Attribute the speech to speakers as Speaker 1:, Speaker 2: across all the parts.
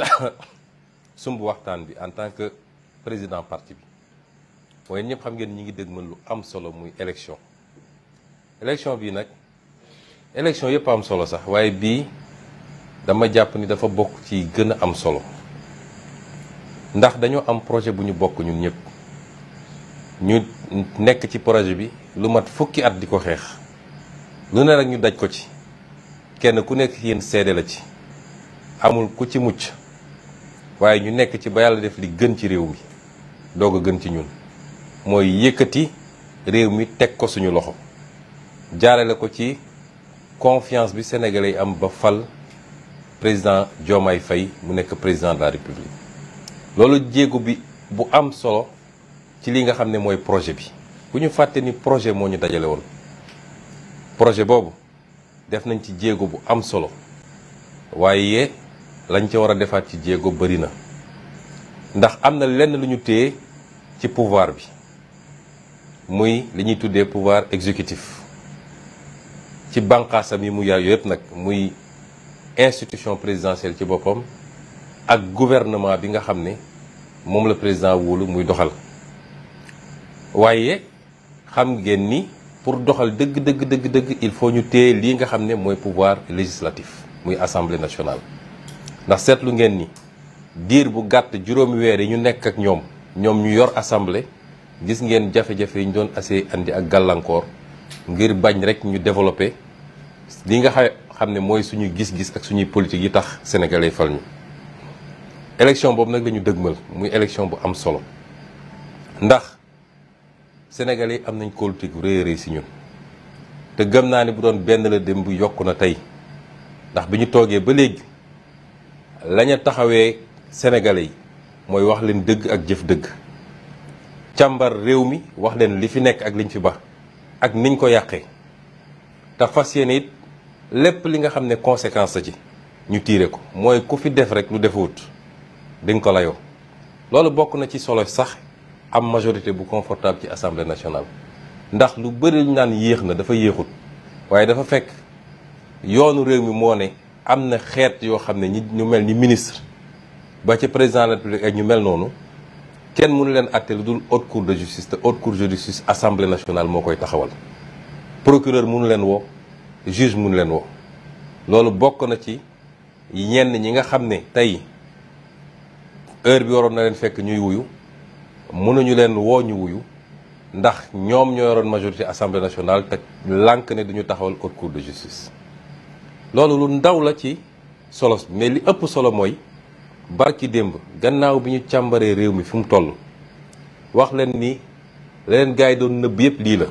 Speaker 1: sumb waxtaan bi en tant que président parti bi waaye ñëpp xam ngeen ñi ngi dégg mën lu am solo muy élection élection bii nag élection yëpp am solo sax waaye bii dama jàpp ni dafa bokk ci gën a am solo ndax dañoo am projet bu ñu bokk ñun ñëpp ñu nekk ci projet bi lu mat fukki at di ko xeex lu ne rek ñu daj ko ci kenn ku nekk yéen seede la ci amul ku ci mucc waaye ñu nekk ci ba yàlla def li gën ci réew mi doog a gën ci ñun mooy yëkkati réew mi teg ko suñu loxo jaarale ko ci confiance bi sénégalais yi am ba fal président Diomaye fay mu nekk président de la république loolu jéego bi bu am solo ci li nga xam ne mooy projet bi ku ñu fàtte ni projet moo ñu dajale woon projet boobu def nañ ci jéego bu am solo waaye lañ ca war a defaat ci jéego bëri na ndax am na lenn lu ñu téye ci pouvoir bi muy li ñuy tuddee pouvoir exécutif ci bànqaasam yi mu yaay yëpp nag muy institution présidentielle ci boppam ak gouvernement bi nga xam ne moom la président wóolu muy doxal waaye xam ngeen ni pour doxal dëgg dëgg dëgg dëgg il faut ñu téye lii nga xam ne mooy pouvoir législatif muy assemblée nationale ndax seetlu ngeen ni diir bu gàtt juróomi weer yi ñu nekk ak ñoom ñoom ñu yor assemblée gis ngeen jafe-jafe yi ñu doon assez indi ak gàllankoor ngir bañ rek ñu développé li nga xam ne mooy suñu gis-gis ak suñuy politique yi tax sénégalais fal ñu. boobu nag lañu ñu dëgmal muy élection bu am solo ndax sénégalais am nañ politique réy réy si ñun te gëm naa ne bu doon benn la dem bu yokk na tey ndax bi ñu toogee ba léegi. lañu taxawee sénégalais yi mooy wax leen dëgg ak jëf dëgg càmbar réew mi wax leen li fi nekk ak liñ fi ba ak niñ ko yàqee te fas yéene it lépp li nga xam ne conséquence la ci ñu tiire ko mooy ku fi def rek lu defewut di nga ko layoo loolu bokk na ci solo sax am majorité bu confortable ci assemblée nationale ndax lu bëri lu naan yéex na dafa yéexut waaye dafa fekk yoonu réew mi moo ne am na xeet yoo xam ne ñi ñu mel ni ministre ba ci président de ak ñu mel noonu kenn mënu leen àtte lu dul haute cour de justice te haute cour de justice assemblée nationale moo koy taxawal procureur mënu leen woo juge mënu leen woo loolu bokk na ci ñenn ñi nga xam ne tey heure bi waroon na leen fekk ñuy wuyu mënuñu leen woo ñu wuyu ndax ñoom ñoo yoroon majorité assemblée nationale te lànk ne duñu taxawal haute cour de justice loolu lu ndaw la ci solo mais li ëpp solo mooy ci démb gannaaw bi ñu càmbaree réew mi fu mu toll wax leen ni leneen gars yi doon nëbb yëpp lii la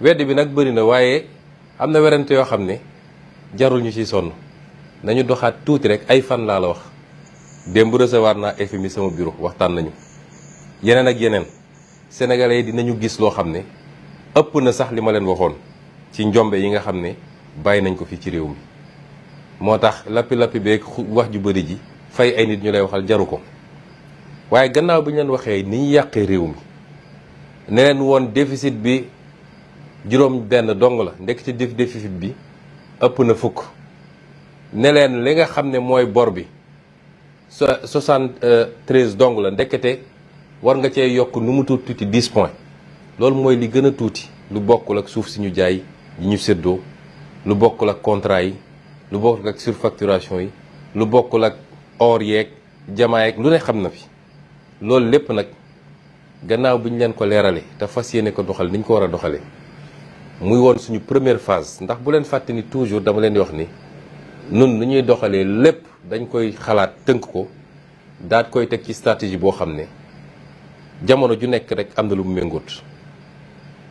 Speaker 1: wedd bi nag bëri na waaye am na werante yoo xam ne jarul ñu ci sonn nañu doxaat tuuti rek ay fan laa la wax démb recevoir naa FMI sama bureau waxtaan nañu yeneen ak yeneen sénégalais yi dinañu gis loo xam ne ëpp na sax li ma leen waxoon ci njombe yi nga xam ne bàyyi nañ ko fii ci réew mi moo tax lappi-lappi beeg wax ju bëri ji fay ay nit ñu lay waxal jaru ko waaye gannaaw bi ñu leen waxee ni ñu yàqee réew mi ne leen woon déficit bi juróom benn dong la ndekk ci def déficit bi ëpp na fukk ne leen li nga xam ne mooy bor bi soixante treize dong la ndekete war nga cee yokk nu mu tuuti tuuti point loolu mooy li gën a tuuti lu bokkul ak suuf si ñu jaay yi ñu séddoo lu bokkul ak contrat yi lu bokkul ak surfacturation yi lu bokkul ak or yeeg jamaa yeeg lu ne xam na fi loolu lépp nag gannaaw bi ñu leen ko leeralee te fas yéene ko doxal ni ñu ko war a doxalee muy woon suñu première phase ndax bu leen fàtte ni toujours dama leen di wax ni nun nu ñuy doxalee lépp dañ koy xalaat tënk ko daat koy teg ci stratégie boo xam ne jamono ju nekk rek am na lu mu méngóot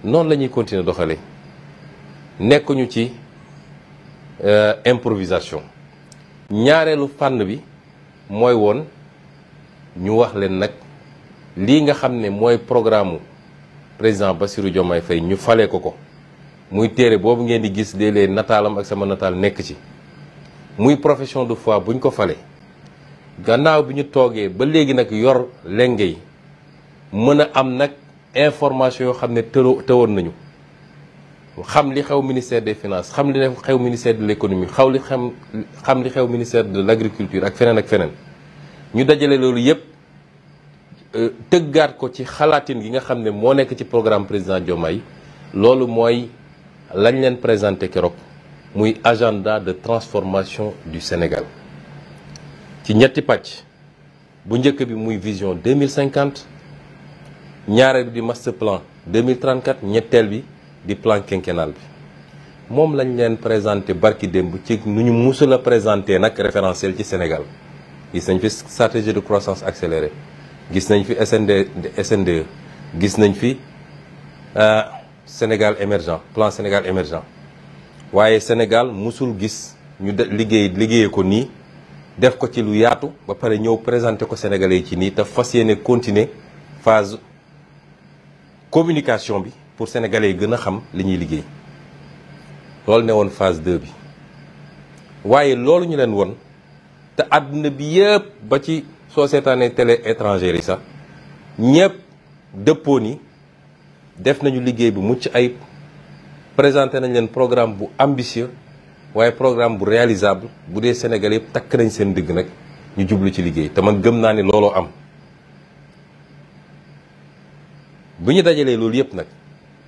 Speaker 1: noonu la ñuy continuer doxalee nekkuñu ci Euh, improvisation ñaareelu fànn bi mooy woon ñu wax leen nag lii nga xam ne mooy programme président Bassirou Diomaye fay ñu fale ko ko muy téere boobu ngeen di gis léeg-léeg nataalam ak sama nataal nekk ci muy profession de foi buñ ko fale gannaaw bi ñu toogee ba léegi nag yor lenge yi mën a am nag information yoo xam ne tëloo tëwoon nañu xam li xew ministère des finances xam li xew ministère de l'économie xaw li xam xam li xew ministère de l'agriculture ak feneen ak feneen ñu dajale loolu yépp euh, tëggaat ko ci xalaatin gi nga xam ne moo nekk ci programme président Diomaye loolu mooy lañ leen présenté keroog muy agenda de transformation du Sénégal ci ñetti pàcc bu njëkk bi muy vision 2050 ñaareel bi di master plan 2034 ñetteel bi di plan quinquennal bi moom lañ leen présenté barki démb ci nu ñu musul a présenté nag référentiel ci Sénégal gis nañ fi stratégie de croissance accélérée gis nañ fi SND SNDE gis nañ fi euh, Sénégal émergent plan Sénégal émergent waaye Sénégal musul gis ñu de liggéey liggéeye ko nii def ko ci lu yaatu ba pare ñëw présenté ko Sénégalais yi ci nii te fas yéene continuer phase communication bi pour sénégalais yi gën a xam li ñuy liggéey loolu ne woon phase 2 bi waaye loolu ñu leen woon te àddina bi yëpp ba ci soo seetaanee télé étrangère yi sax ñëpp dëppoo ni def nañu liggéey bu mucc ayib présenté nañ leen programme bu ambitieux waaye programme bu réalisable bu dee Sénégal yëpp takk nañ seen digg nag ñu jublu ci liggéey te man gëm naa ni looloo am bu ñu dajalee loolu yëpp nag.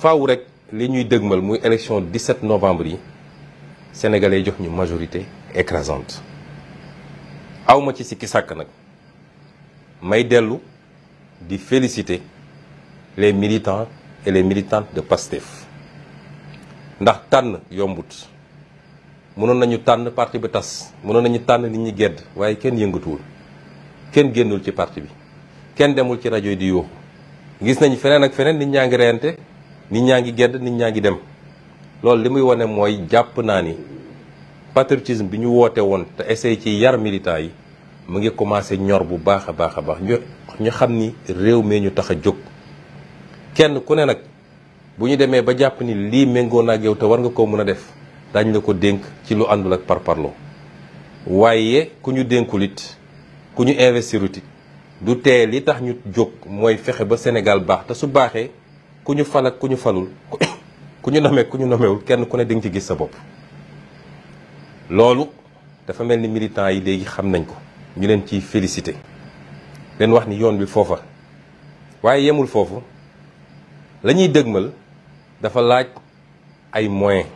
Speaker 1: faaw rek li ñuy dëgmal muy élection 17 novembre yi sénégalais jox ñu majorité écrasante awma ci sikki sàkk nag may dellu di félicité les militants et les militantes de PASTEF ndax tànn yombut mënoon nañu tànn parti bi tas mënoon nañu tànn nit ñi gedd waaye kenn yëngatuwul kenn génnul ci parti bi kenn demul ci rajo yi di yooxu gis nañu feneen ak feneen nit ñaa ngi reyante nit ñaa ngi gedd nit ñaa ngi dem loolu li muy wane mooy jàpp naa ni patriotisme bi ñu woote woon te essayé ci yar militant yi mu ngi commencé ñor bu baax a baax a baax ñu ñu xam ni réew mi ñu tax a jóg kenn ku ne nag bu ñu demee ba jàpp ni lii méngoo na ak yow te war nga ko mën a def daañ la ko dénk ci lu àndul ak par parparloo waaye ku ñu dénkul it ku ñu investirut it du tee li tax ñu jóg mooy fexe ba Sénégal baax te su baaxee ku ñu fal ak ku ñu falul ku ñu nomee ku ñu nomewul kenn ku ne di nga ci gis sa bopp loolu dafa mel ni militants yi léegi xam nañ ko ñu leen ciy félicité leen wax ni yoon bi foofa waaye yemul foofu la ñuy dëgmal dafa laaj ay moyens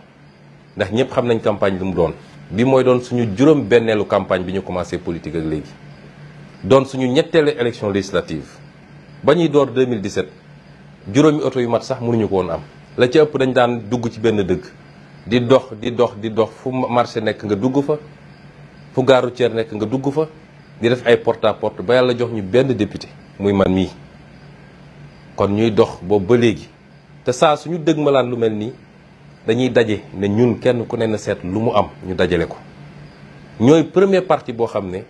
Speaker 1: ndax ñëpp xam nañ campagne lu mu doon bi mooy doon suñu juróom benneelu campagne bi ñu commencé politique ak léegi doon suñu ñetteelu élection législative ba ñuy door 2017 juróomi oto yu mat sax mënuñu ko woon am la ci ëpp dañ daan dugg ci benn dëkk di dox di dox di dox fu marché nekk nga dugg fa fu gaaru routière nekk nga dugg fa di def ay porte à ba yàlla jox ñu benn député muy man mii kon ñuy dox boobu ba léegi te saa suñu dëgg malaan lu mel nii dañuy daje ne ñun kenn ku ne na seet lu mu am ñu dajale ko ñooy premier parti boo xam ne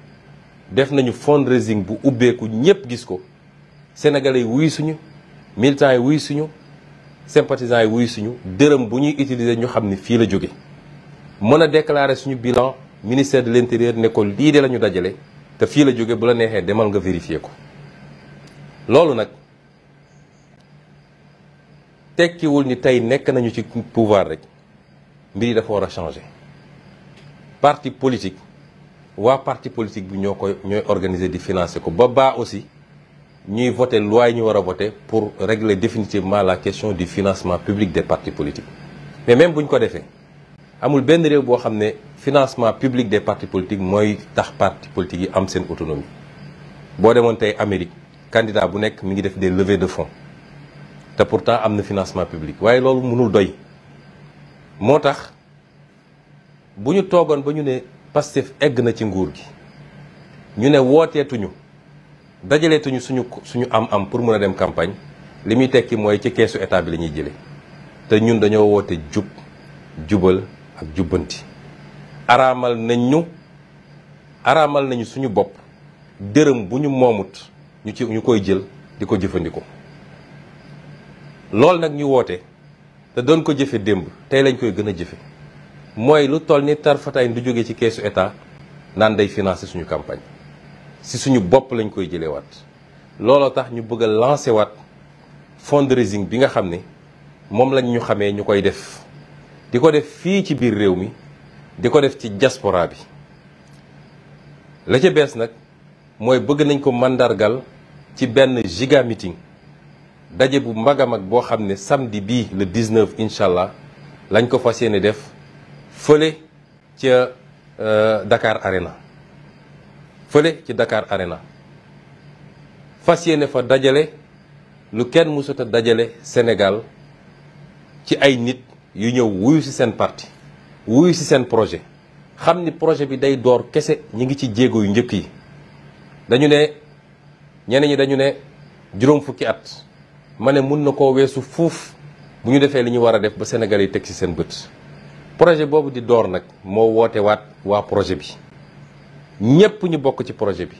Speaker 1: def nañu fundraising bu ubbeeku ñëpp gis ko sénégalais yi wuy suñu militants yi wuy suñu sympathisants yi wuy suñu dërëm bu ñuy utiliser ñu xam ni fii la jóge mën a déclarer suñu bilan ministère de l'intérieur ne ko lii de la ñu dajale te fii la jóge bu la neexee demal nga vérifier ko loolu nag tekkiwul ni tey nekk nañu ci pouvoir rek mbir yi dafa war a changer parti politique waa parti politique bi ñoo koy ñooy organiser di financer ko ba baa aussi ñuy voter loi yi ñu war a voter pour régler définitivement la question du financement public des partis politiques mais même bu ñu ko defee amul benn réew boo xam ne financement public des partis politiques mooy tax partis politiques yi am seen autonomie boo demoon tey Amérique candidat bu nekk mi ngi def des levées de fonds te pourtant am na financement public waaye loolu mënul doy moo tax bu ñu toogoon ba ñu ne Pastef egg na ci nguur gi ñu ne wooteetuñu dajalee dajaleetuñu suñu suñu am-am pour mun a dem campagne li muy tekki mooy ci keesu état bi la ñuy jëlee te ñun dañoo woote jub jubal ak jubbanti. araamal nañ ñu araamal nañu suñu bopp dërëm bu ñu moomut ñu ci ñu koy jël di ko jëfandikoo loolu nag ñu woote te doon ko jëfe démb tey lañ koy gën a jëfe mooy lu toll ni tarfataay du jóge ci keesu état naan day financer suñu campagne. si suñu bopp lañ koy jëlee waat looloo tax ñu bëgg a lancé waat fundraising bi nga xam ne moom lañ ñu xamee ñu koy def di ko def fii ci biir réew mi di ko def ci diaspora bi la ca bees nag mooy bëgg nañ ko mandargal ci benn giga meeting daje bu mag a mag boo xam ne samedi bii le 19 incha allah lañ ko fas yéene def fële ca euh, Dakar Arena fële ci Dakar Arena fas yéene fa dajale lu kenn mësut a dajale Sénégal ci ay nit yu ñëw wuyu ci seen parti wuyu ci seen projet xam ni projet bi day door kese ñi ngi ci jéego yu njëkk yi dañu ne ñeneen ñi dañu ne juróom fukki at ma ne mun na koo weesu fuuf bu ñu defee li ñu war a def ba Sénégal yi teg ci seen bët projet boobu di door nag moo woote waat waa projet bi ñépp ñu bokk ci projet bi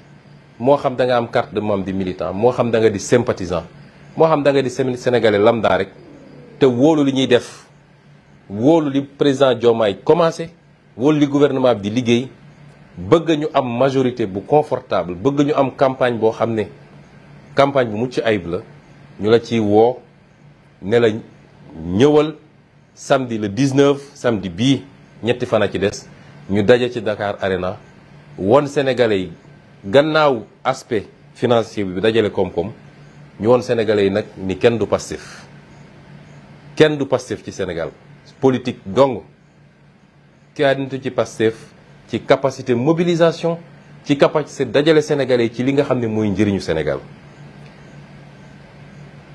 Speaker 1: moo xam danga am carte de membre di militant moo xam da nga di sympathisant moo xam da nga di sénégalais lambda rek te wóolu li ñuy def wóolu li président Diomaye commencé wóolu li gouvernement bi di liggéey bëgg ñu am majorité bu confortable bëgg ñu am campagne boo xam ne campagne bu mucc ayib la ñu la ci woo ne la ñëwal samedi le 19 samedi bi ñetti fan a ci des ñu daje ci Dakar Arena won sénégalais yi gannaaw aspect financier bi dajale koom-koom ñu won sénégalais yi nag ni kenn du Pastef kenn du Pastef ci Sénégal politique dong kaanitu ci Pastef ci capacité mobilisation ci capacité dajale sénégalais ci li nga xam ne mooy njëriñu Sénégal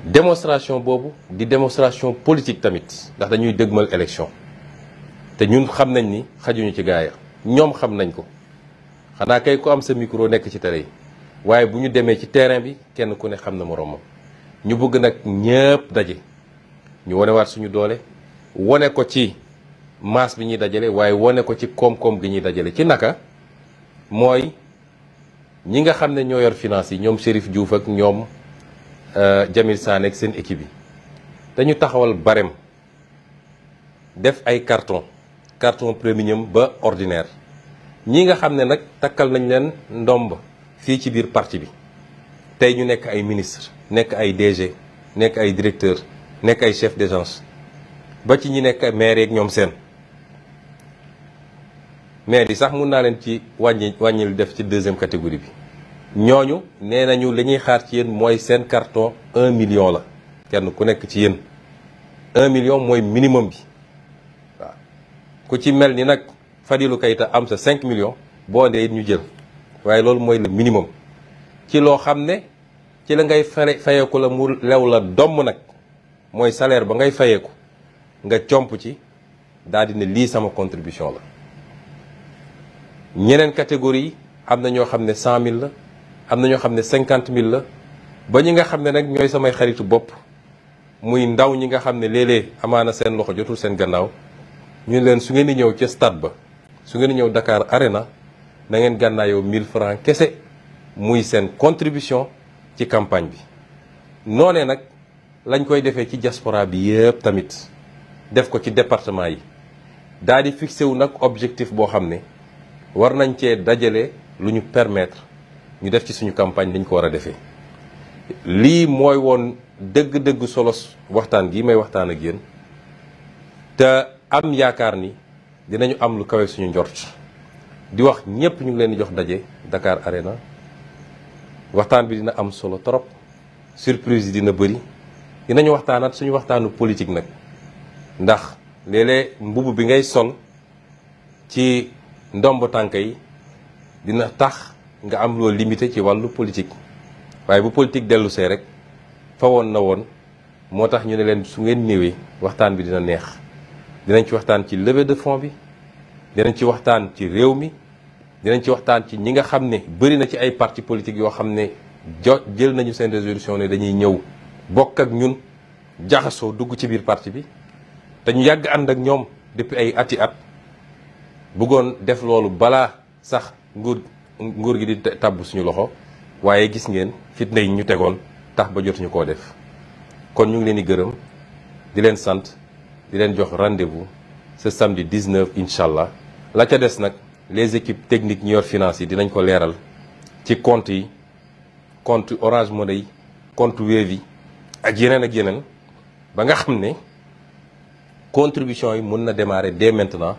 Speaker 1: démonstration boobu di démonstration politique tamit ndax dañuy dëgmal élection te ñun xam nañ ni xajuñu ci gaaya ñoom xam nañ ko xanaa kay ku am sa micro nekk ci tere yi waaye bu ñu demee ci terrain bi kenn ku ne xam na moroomam ñu bëgg nag ñëpp daje ñu wanewaat suñu doole wane ko ci masse bi ñuy dajale waaye wane ko ci koom-koom gi ñuy dajale ci naka mooy ñi nga xam ne ñoo yor finance yi ñoom Chérif Diouf ak ñoom euh, Jamil Sané ak seen équipe yi dañu taxawal barème def ay carton carton premium ba ordinaire ñi nga xam ne nag takkal nañ leen ndomb fii ci biir parti bi tey ñu nekk ay ministre nekk ay DG nekk ay directeur nekk ay chef d'agence ba ci ñi nekk maire yeeg ñoom seen maire yi sax mun naa leen ci wàññi wàññil def ci deuxième catégorie bi ñooñu nee nañu li ñuy xaar ci yéen mooy seen carton un million la kenn ku nekk ci yéen un million mooy minimum bi waaw ku ci mel ni nag Fadilou Keita am sa cinq millions boo dee ñu jël waaye loolu mooy le minimum ci loo xam ne ci la ngay fere fayeeku la mu lew la domm nag mooy salaire ba ngay fayeeku nga comp ci daal di ne lii sama contribution la ñeneen catégorie am na ñoo xam ne 100000 la am na ñoo xam ne 50000 la ba ñi nga xam ne nag ñooy samay xaritu bopp muy ndaw ñi nga xam ne léeg-léeg amaana seen loxo jotul seen gannaaw ñu leen su ngeen di ñëw ca stade ba. su ngeen ñëw Dakar Arena na ngeen gànnaayoo mille francs kese muy seen contribution ci campagne bi noonee nag lañ koy defee ci diaspora bi yëpp tamit def ko ci département yi daal di fixé wu nag objectif boo xam ne war nañ cee dajale lu ñu permettre ñu def ci suñu campagne lañ ko war a defee lii mooy woon dëgg-dëgg solos waxtaan gi may waxtaan ak yéen te am yaakaar ni dinañu am lu kawe suñu njort di wax ñëpp ñu ngi leen di jox daje Dakar Arena waxtaan bi dina am solo trop surprise yi dina bëri dinañu waxtaanaat suñu waxtaanu politique nag ndax léeg mbubb bi ngay sol ci ndomb tànk yi dina tax nga am loo limité ci wàllu politique waaye bu politique dellu see rek fa woon na woon moo tax ñu ne leen su ngeen ñëwee waxtaan bi dina neex dinañ ci waxtaan ci levée de fonds bi dinañ ci waxtaan ci réew mi dinañ ci waxtaan ci ñi nga xam ne bëri na ci ay parti politique yoo xam ne jo jël nañu seen résolution ne dañuy ñëw bokk ak ñun jaxasoo dugg ci biir parti bi te ñu yàgg ànd ak ñoom depuis ay ati at bëggoon def loolu balaa sax nguur nguur gi di tàbb suñu loxo waaye gis ngeen fitna yi ñu tegoon tax ba jotuñu koo def kon ñu ngi leen di gërëm di leen sant di leen jox rendez-vous ce samedi 19 incha allah la ca des nag les équipes techniques ñu yor finance yi dinañ ko leeral ci compte yi compte Orange Money yi compte Wave ak yeneen ak yeneen ba nga xam ne contribution yi mën na démarrer dès maintenant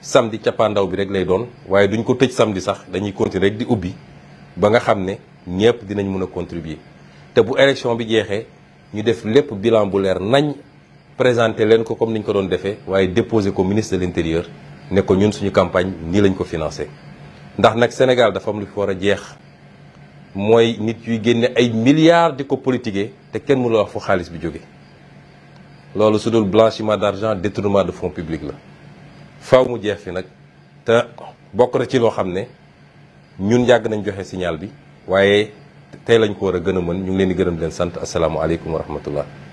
Speaker 1: samedi cappaandaw bi rek lay doon waaye duñ ko tëj samedi sax dañuy continuer rek di ubbi ba nga xam ne ñëpp dinañ mën a contribuer te bu élection bi jeexee ñu def lépp bilan bu leer nañ présenté leen ko comme ni ñu ko doon defe waaye déposé ko ministre de l'intérieur ne ko ñun suñu campagne nii lañ ko financé ndax nag Sénégal dafa am lu fi war a jeex mooy nit yuy génne ay milliards di ko politiquer te kenn mënul wax fu xaalis bi jóge loolu su dul blanchiment d'argent détournement de fonds publics la faaw mu jeex fi nag te bokk na ci loo xam ne ñun yàgg nañ joxe signal bi waaye tey lañ ko war a gën a mën ñu ngi leen di gërëm leen sant asalaamualeykum wa rahmatullah